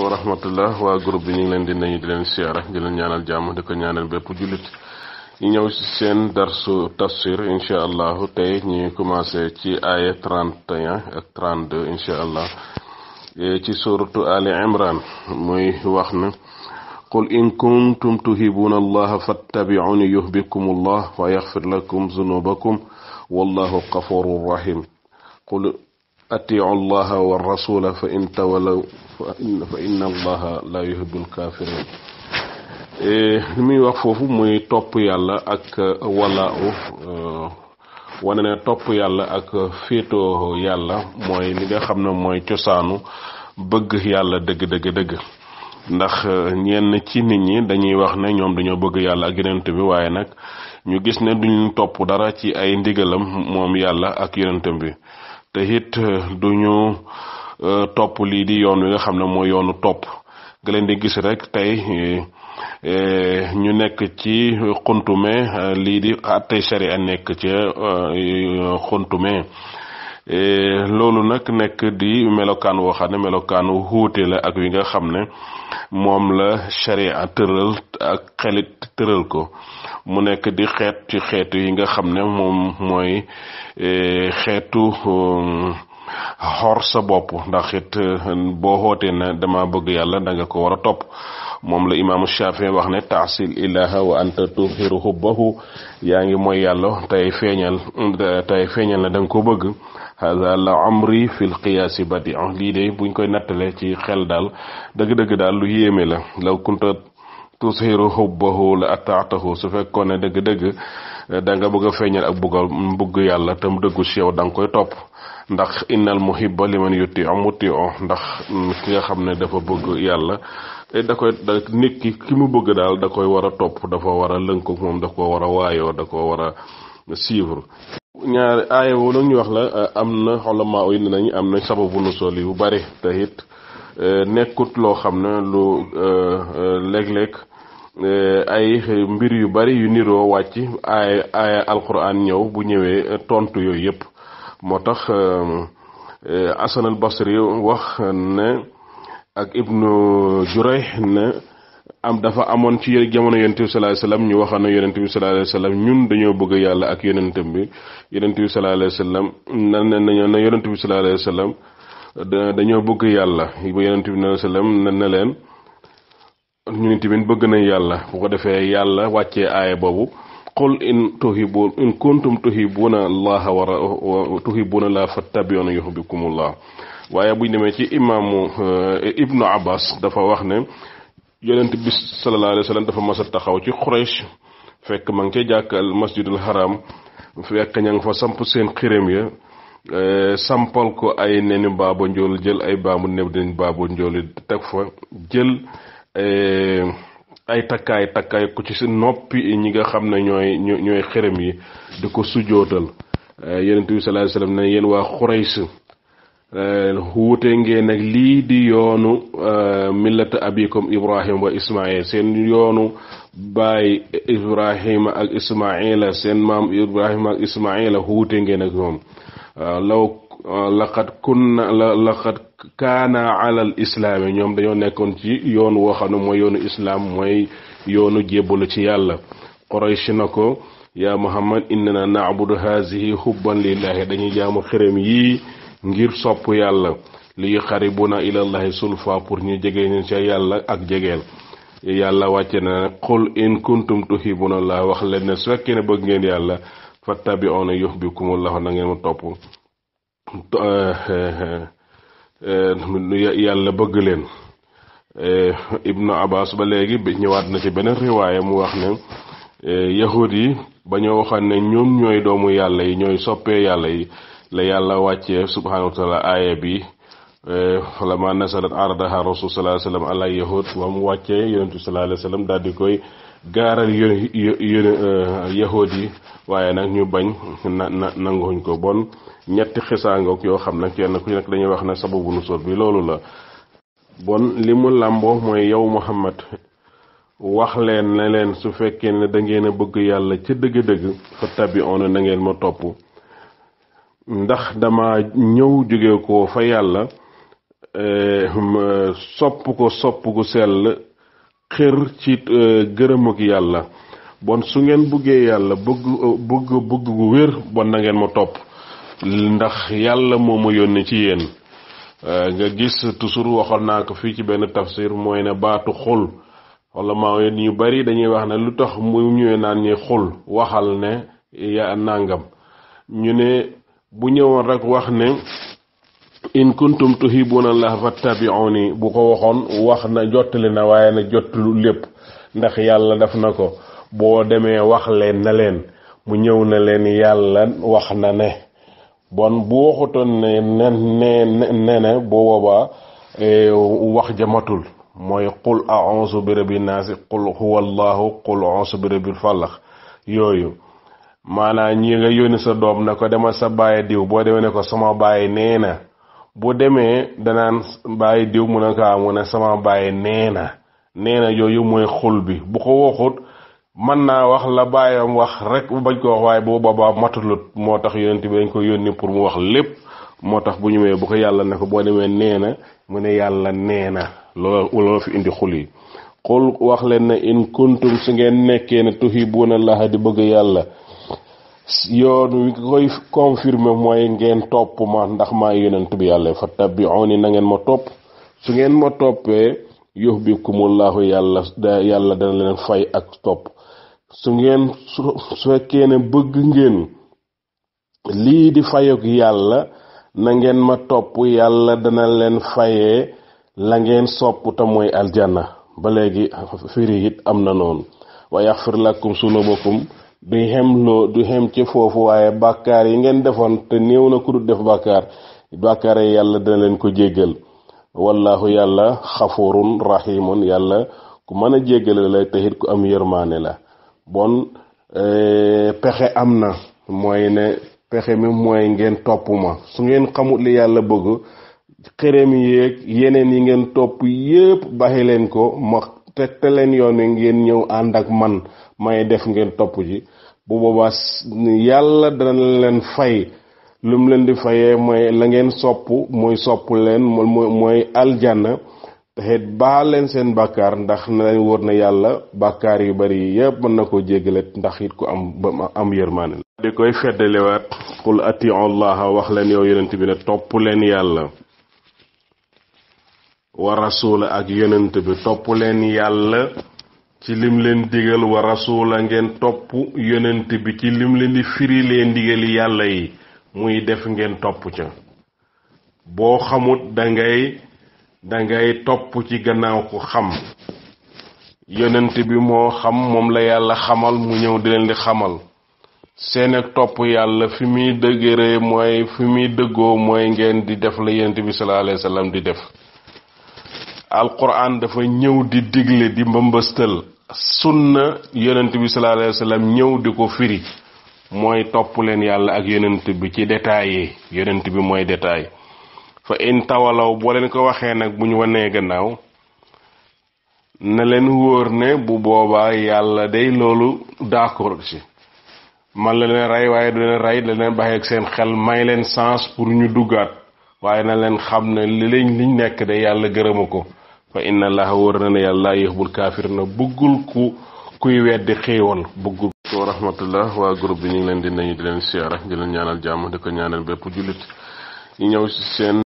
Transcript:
wa rahmatullah waa groupe bi ñu ngi leen di nuyu di leen siyaara di leen ñaanal jàmm di ko ñaanal bépp jullit ñu ñëw ci seen darsu tafsir incha allahu tey ñu commencé ci aaya 31 ak 32 e, ci suratu ali muy wax na qul in kuntum tuhibuna allaha fattabiuni yuhbikum allah wa yaxfir lakum zunubakum wallahu gafurun rahim qul atiicu llaha wa fa in tawalaw fa inna allaha la yuhibbul kafirin li muy wax foofu muy topp yàlla ak eh, walaawu eh, wane ne topp yàlla ak féetoo yàlla mooy li nga xam ne mooy cosaanu bëgg yàlla dëgg dëgg dëgg ndax eh, ñenn ci nit ñi dañuy wax ne ñoom dañoo bëgg yàlla ak yonent bi waaye nag ñu gis ne duñu topp dara ci ay ndigalam moom yàlla ak yonent bi te it euh, duñu euh, topp lii di yoon wi nga xam ne mooy yoonu topp nga leen di gis rek tey euh, ñu nekk ci xontu xuntume lii di attey ah, sharia nekk ci xuntume loolu nag nekk di melokaan woo ne melokaan wu la ak wi nga xam ne moom la charia tëral ak xelit tëral ko mu nekk di xeet ci xeetu yi nga xam ne moom mooy eh, xeetu um, xor sa bopp ndax euh, boo xootee na dama bëgg yàlla danga ko war a topp moom la imaamu Shaafi wax ne taasil ilaha wa anta tuhiru hubbahu yaa ngi mooy yàlla tey feeñal tey feeñal na danga ko bëgg hada la amri fil qiyaasi badi lii de buñ koy nattalee ci xel daal dëgg-dëgg daal lu yéeme la law kunta tushiru hubbahu la ataatahu su fekkoon ne dëgg-dëgg da nga bëgg a feeñal ak bëgg bëgg yàlla tam dëggu si yow da nga koy topp ndax innal muhibba liman yuti o muti o ndax ki nga xam ne dafa bëgg yàlla da koy da nit ki ki mu bëgg daal da koy war a topp dafa war a lënkoog moom da ko war a waayoo da ko war a suivre ñaari woo nag wax la eh, am na xolama uy nañ am na sababu nu sol yu bari te eh, nekkut loo xam ne lu eh, léeg-léeg ay mbir yu bari yu niroo wàcc aaya aaya alquran ñëw bu ñëwee tontu yooyu yëpp motax asan al basri wax ne ak ibnu jurayh ne am dafa amoon ci jamono yonent sallallahu alayhi wasallam ñu waxana yonent sallallahu alayhi wasallam ñun dañoo bëgg yàlla ak yonentam bi yonent sallallahu alayhi wasallam nan nañu na yonent sallallahu alayhi wasallam dañoo bëgg yàlla ba yonent sallallahu alayhi wasallam nan na leen ñu nit bëgg nañ yàlla bu ko defee yàlla wàccee aaya boobu qul in tuhibbu in kuntum tuhibbuna allaha laa tuhibbuna la fattabi'uni yuhibbukumullah waaye buñ demee ci imaamu eh, ibnu abbas dafa wax ne yonent bi sallallahu alayhi wa dafa mas taxaw ci Quraysh fekk ma ngi ca jàkkal masjidul haram fekk ña nga fa samp seen xiram ya eh, sampal ko ay neni baaba njool jël ay baamu neb den baaba njool teg fa jël eh, ay takkaay takkaay ku ci si noppi ñi nga xam ne ñooy ñooy xërëm yi di ko sujootal eh, yonent bi sallallahu alayhi wasallam ne yéen waa Xurays eh, wuute ngeen nag lii di yoonu eh, millata abikum Ibrahim wa Ismaïl seen yoonu baay Ibrahima ak Ismaïla seen maam Ibrahima ak Ismaïla wuute ngeen ak ñoom Euh, laqad kunna laqad kaana alal islaami ñoom dañoo nekkoon ci yoon woo xam ne mooy yoonu islaam mooy yoonu jébbalu ci yàlla Quraysh na ko yaa Muhammad innana naabudu haasihi hubban lillahi dañuy jaamu xërëm yii ngir sopp yàlla li xaribuna ilallahi sulfa pour ñu jege ñu ca yàlla ak jegeel yàlla wàcce na qul in kuntum tuhibuna allah wax leen ne su fekkee ne bëgg ngeen yàlla fattabi'una yuhbibkumullahu na ngeen ma topp yàlla bëgg leen ibnu abbas ba léegi bi ñëwaat na ci beneen riwaaye mu wax ne yahud yi ba ñoo waxoon ne ñoom ñooy doomu yàlla yi ñooy soppee yàlla yi la yàlla wàccee subhanahu wa taala aaya bi falama nasalat ardaha rasul sallallahu alayhi wa sallam ala yahud wa mu wàccee yonentu sallallahu alayhi wa sallam daal di koy gaaral yóni yóni euh, yi waaye nag ñu bañ na na nanguwuñ ko bon ñetti xisaangook yoo xam ne kenn ku nekk dañuy wax ne sababu nu soot bi loolu la bon li mu làmboo mooy yow Muhammad wax leen ne leen su fekkee ne dangeen a bëgg yàlla ca dëgg-dëgg fa tabi on na ngeen ma topp ndax dama ñëw jóge ko fa yàlla euh, sopp ko sopp gu sell xër ci euh, gërëm ak yàlla bon su ngeen bëggee yàlla bëgg bëgg bëgg gu wér bon na ngeen ma topp ndax yàlla moo ma yónnee ci yéen euh, nga gis toujours waxoon naa ko fii ci benn tafsir mooy ne baatu xul wala maa ñu bari dañuy wax ne lu tax mu ñëwee naan ñi xul waxal ne ya nàngam ñu ne bu ñëwoon rek wax ne in kuntum tuhibuna allah fattabiuni bu ko waxoon wax na jottali na waaye na jottalu lépp ndax yàlla def na ko boo demee wax leen na leen mu ñëw na leen yàlla wax na ne bon bu waxutoon ne ne ne ne e, wax jamatul mooy qul a'uuzu bi rabbi naasi qul huwa allahu qul a'uuzu bi rabbil falax yooyu maanaam ñi nga yónni sa doom na ko demal sa baay diw boo demee ne ko sama baay nee na boo demee danaan bàyyi diw mu ne kaa mu ne sama bàyyi nee na nee na yooyu mooy xul bi bu ko waxut mën naa wax la bàyyam wax rek bu bañ ko wax waaye boo boobaa matalut moo tax yonent bi dañ ko yónni pour mu wax lépp moo tax bu ñëwee bu ko yàlla ne ko boo demee nee na mu ne yàlla nee na loolu loolu fi indi xul yi xul wax leen ne in kuntum su ngeen nekkee ne tuhibuuna laha di bëgg yàlla yoon wi koy confirmé mooy ngeen topp ma ndax maa yonent bi yàlla fa tabiuni na ngeen ma topp su ngeen ma toppee yuhbikumullahu yàlla yàlla dana leen fay ak topp su ngeen su fekkee ne bëgg ngeen lii di fayog yàlla na ngeen ma topp yàlla dana leen fayee la ngeen sopp te mooy aljana ba léegi firi it am na noonu wa yaxfir lakum sunubakum du xemloo du xem ci foofu waaye bàkkaar yi ngeen defoon te néew na ku dul def bàkkaar bàkkaar yi yàlla dana leen ko jéggal wallaahu yàlla xafurun rahimun yàlla ku mën a jéggale la te it ku am yërmaane la bon eh, pexe am na mooy ne pexe mi mooy ngeen topp ma su ngeen xamut li yàlla bëgg xërëm yéeg yeneen yi ngeen topp yépp baxi leen ko ma tegte leen len yone ngeen ñew and ak man may def ngeen top ji bu boobaa yàlla dana len fay lum len di fayee moy la ngeen sopp moy sopp len moy mooy aljana taxit baal leen bakar bàkkaar ndax na len wor na yalla bàkkaar yu bari yeb na ko ndax it ku am am yermane la di koy feddaliwaat qul atiu allaha wax leen yow yonent bi ne top len yalla wa rasul ak yonent bi top len yalla ci lim len digal wa rasul ngeen top yonent bi ci lim len di firi len digal yalla yi muy def ngeen top ca bo xamut da ngay da ngay top ci gannaaw ko xam yonent bi mo xam mom la yalla xamal mu ñew di len di xamal seen ak topp yalla fi mi dëgëree moy fi mi deggo moy ngeen di def la yonent bi sallallahu alayhi wasallam di def alquran dafa ñëw di digle di mbëmbëstal sunna yonent bi sallallahu alayhi wa ñëw di ko firi mooy topp leen yàlla ak yonent bi ci détaillé yonent bi mooy détail fa in tawalaw boo leen ko waxee nag bu ñu wanee gannaaw na leen wóor ne bu boobaa yàlla dey loolu d'accord ci man la leen rey waaye du leen rey da leen bàyyi ak seen xel may leen sens pour ñu duggaat waaye na leen xam ne li liñ nekk de yàlla gërëma ko fa inna allaha wër na ne yàlla laa yëxbul kaafir na bëggul ku kuy weddi xéewal bëggul ko rahmatullah waa groupe bi ñu ngi leen di ñu di leen siyaara di leen ñaanal jàmm di ko ñaanal bépp jullit ñu ñëw seen